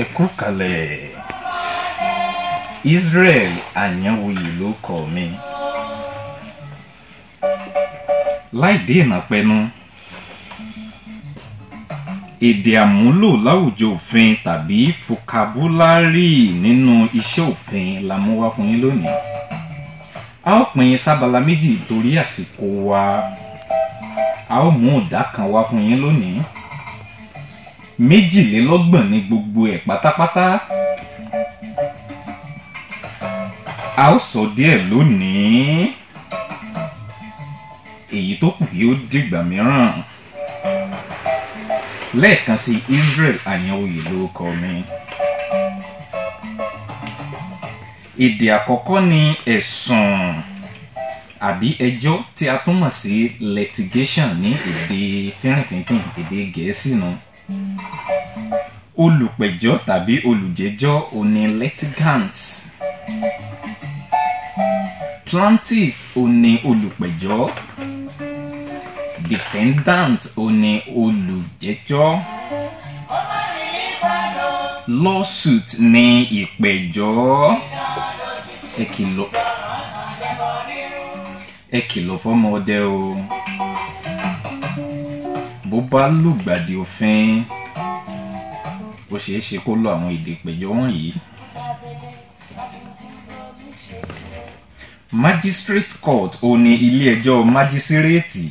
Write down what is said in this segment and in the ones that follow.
ẹ kú kalẹ̀ Israel Àyànwòye ló kọ́ mi láìdí ìnàpẹnu èdè àmúlò láwùjọ òfin tàbí fokabúlárì nínú iṣẹ́ òfin la mú wá fún yín lónìí a ó pín sábala méjì torí àsìkò wa a ó mú ìdá kan wá fún yín lónìí méjìlélọ́gbọ̀n ní gbogbo ẹ̀ pátápátá a ó sọ díẹ̀ lónìí èyí tó kù yóò dìgbà mìíràn lẹ́ẹ̀kan sí Israel Àyànòye lórúkọ mi èdè àkọ́kọ́ ni ẹ̀sùn àbí ẹjọ́ tí a tún mọ̀ sí litigation ní èdè fínrínfínrín èdè gẹ̀ẹ́sì náà olùpẹ̀jọ́ tàbí olùjẹ́jọ́ ò ní litigant plaintiff ò ní olùpẹ̀jọ́ defendant ò ní olùjẹ́jọ́ lawsuit ní ìpẹ̀jọ́ ẹ kìlọ̀ ẹ kìlọ̀ fọ́mọdé o bó bá lùgbàdì òfin ó ṣeé ṣe kó lọ àwọn èdè ìpẹ̀jọ́ wọ̀nyí. magistrate court ó ní ilé ẹjọ́ májísírèètì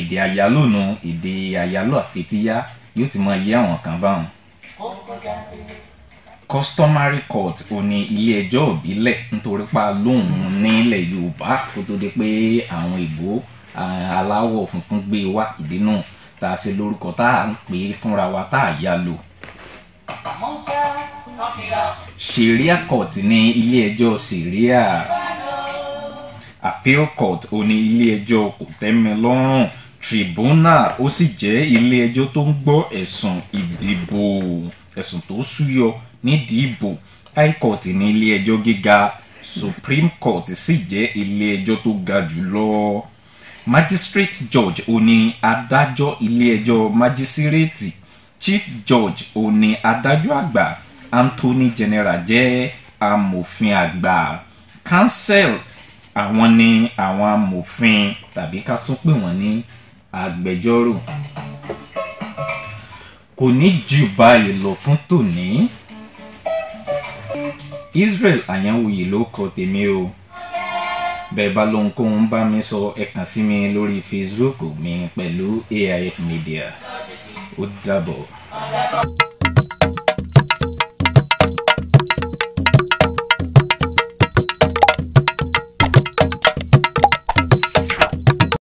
èdè àyálò nu èdè àyálò àfetíyá yóò ti mọ iye àwọn kan báwọn. customary court ò ní ilé ẹjọ́ ìbílẹ̀ nítorí pa lóun nílẹ̀ yorùbá kó tó di pé àwọn ìbò aláwọ̀ funfun gbé wá ìdí náà tá a ṣe lórúkọ tá a ń pè é fúnra wa tá a yá lò. sharia court ní ilé-ẹjọ́ sharia appeal court ó ní ilé-ẹjọ́ kò tẹ́mi lọ́rùn tribunal ó sì jẹ́ ilé tó ń gbọ́ ẹ̀sùn ìdìbò ẹ̀sùn tó súyọ nídìí ìbò high court ní ilé gíga supreme court sì jẹ́ ilé-ẹjọ́ tó ga jù lọ magistrate george oni adájọ́ ilé-ẹjọ́ májísírèètì chief george oni adájọ́ àgbà anthony general jẹ́ amòfin àgbà council àwọn ni àwọn amòfin tàbí ká tún pè wọ́n ní agbẹjọ́rò kò ní jù báyìí lọ fún tòní israel àyànwòye ló kọ tèmi o bẹ́ẹ̀ bá lóhunkóhun bá mi sọ ẹ kàn sí mi lórí Facebook mi pẹ̀lú AIF Media ó dàbọ̀.